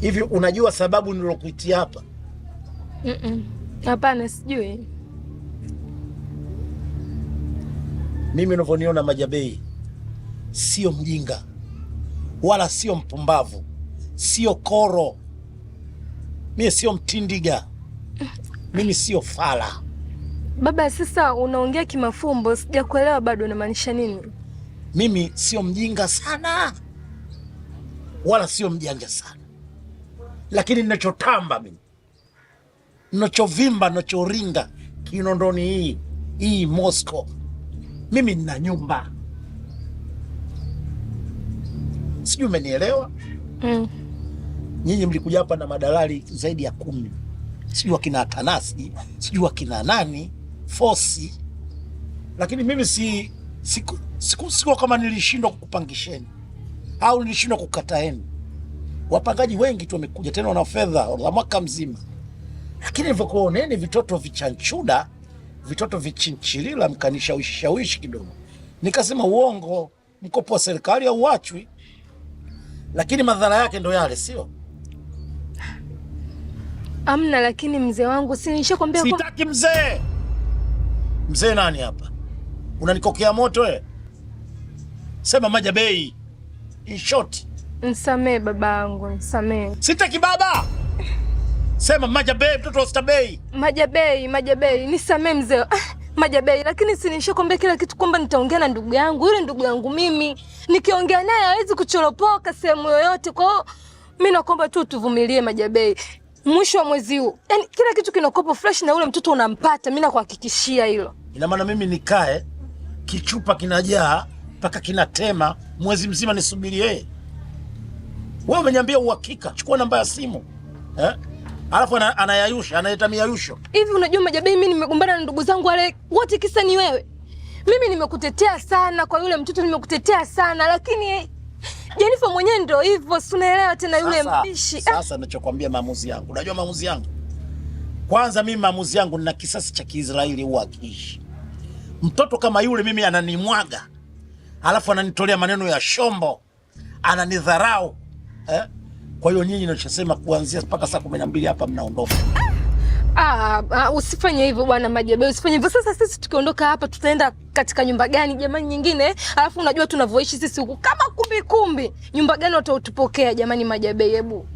Hivi unajua sababu nilokuitia hapa? Hapana, Sijui mimi unavyoniona Majabei sio mjinga wala sio mpumbavu, sio koro, mie sio mtindiga mimi sio fala. Baba, sasa unaongea kimafumbo, sijakuelewa bado, unamaanisha nini? Mimi sio mjinga sana wala sio mjanja sana, lakini ninachotamba mimi, ninachovimba, ninachoringa Kinondoni hii hii Moscow, mimi nina nyumba, sijui umenielewa? Mm. Nyinyi mlikuja hapa na madalali zaidi ya kumi sijui akina atanasi sijui akina nani fosi, lakini mimi si siku, siku, siku kama nilishindwa kukupangisheni au nilishindwa kukataeni. Wapangaji wengi tu wamekuja tena, wana fedha za mwaka mzima, lakini nilivyokuoneni vitoto vichanchuda, vitoto vichinchilila, mkanishawishishawishi kidogo, nikasema uongo, mkopo wa serikali hauachwi, lakini madhara yake ndo yale, sio Amna, lakini mzee wangu, si nishakwambia kwa... sitaki mzee. Mzee nani hapa? Unanikokea moto eh? Sema maja bei. In short. Nsamee baba yangu, nisamee. Sitaki baba. Sema maja bei, mtoto wa stabei. Maja bei, maja bei. Nisamee mzee. Ah, maja bei, lakini si nishakwambia kila kitu kwamba nitaongea na ndugu yangu. Yule ndugu yangu mimi nikiongea naye hawezi kuchoropoka sehemu yoyote. Kwa hiyo mimi naomba tu tuvumilie maja bei mwisho wa mwezi huu. Yaani kila kitu kinakopo fresh na yule mtoto unampata, mimi nakuhakikishia hilo. Ina maana mimi nikae kichupa kinajaa mpaka kinatema mwezi mzima nisubiri yeye? Wewe umeniambia uhakika, chukua namba ya simu eh? Alafu anayayusha analeta miyayusho hivi. Unajua Majabei, mimi nimegombana na ndugu zangu wale wote, kisa ni wewe. Mimi nimekutetea sana kwa yule mtoto, nimekutetea sana lakini Jenifa mwenyewe ndio hivyo, si unaelewa tena yule mpishi. Ah. Sasa ninachokwambia maamuzi yangu, unajua maamuzi yangu kwanza, mimi maamuzi yangu nina kisasi cha Kiisraeli huwa akiishi mtoto kama yule, mimi ananimwaga, alafu ananitolea maneno ya shombo, ananidharau eh? Kwa hiyo nyinyi nachosema kuanzia mpaka saa kumi na mbili hapa mnaondoka. Ah, ah, usifanye hivyo bwana Majabe, usifanye hivyo. Sasa sisi tukiondoka hapa tutaenda katika nyumba gani jamani nyingine? Alafu unajua tunavyoishi sisi huku kama kumbi kumbi. Nyumba gani watautupokea jamani Majabe, hebu.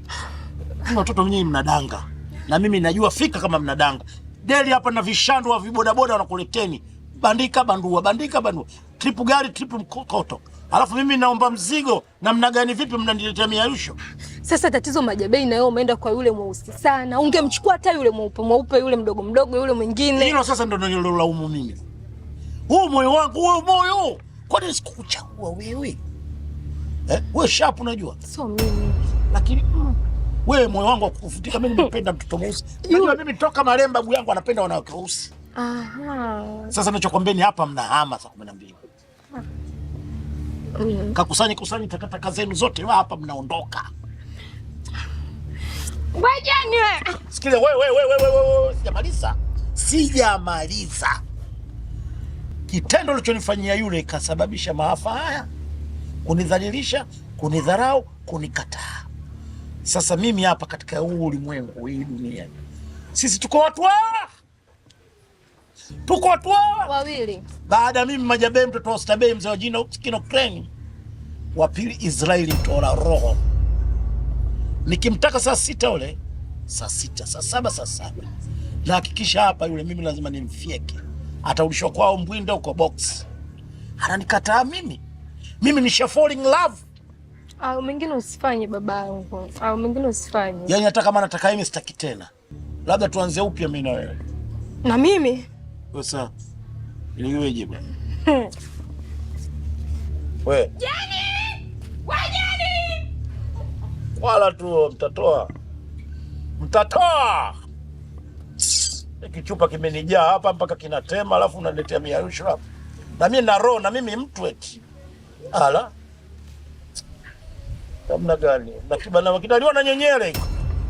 Watoto wenyewe mnadanga. Na mimi najua fika kama mnadanga. Deli hapa na vishandwa vibodaboda wanakuleteni. Bandika bandua, bandika bandua tripu gari, tripu mkoto, alafu mimi naomba mzigo. Namna gani? Vipi mnaniletea miarusho? Sasa tatizo Majabei, na wewe umeenda kwa yule mweusi sana, ungemchukua hata yule mweupe mweupe, yule mdogo mdogo, yule mwingine. Hilo sasa ndo nililolaumu mimi, huu moyo wangu, huu moyo, Kwa nini sikukuchagua wewe eh? Wewe sharp, unajua sio mimi, lakini mm. Wewe moyo wangu wa kukufutika. mimi, nimependa mtoto mweusi. najua mimi toka Malemba babu yangu anapenda wanawake weusi. Aha. Sasa nachokwambia ni hapa mnahama saa kumi na mbili. Mm. Kakusanye kusanyi takataka zenu zote wa hapa mnaondoka. Wajanywe. Sikiza wewe wewe wewe wewe, sijamaliza. Sijamaliza. Kitendo lichonifanyia yule kasababisha maafa haya, kunidhalilisha, kunidharau, kunikataa. Sasa mimi hapa katika huu ulimwengu, hii dunia, sisi tuko watu wa tuko twa wawili, baada mimi Majabei mtoto wa Stabei mzee wa jina kreni, wa pili Israeli mtola roho, nikimtaka saa sita ule saa sita saa saba saa saba na hakikisha hapa, yule mimi lazima nimfyeke, ataulishwa kwao Mbwinda huko box. Ananikataa mimi, mimi nisha falling love au mengine usifanye yangu. au mwingine usifanye. Yaani hata kama nataka mimi sitaki tena, labda tuanze upya mimi na wewe na mimi Kosa liweje bwana? We Jani, wajani wala tu mtatoa, mtatoa. Kichupa kimenijaa hapa mpaka kinatema, alafu unaletea hapa, na mimi na roho na mimi mtu eti ala namna gani? Nakibana wakidaliwa na nyenyere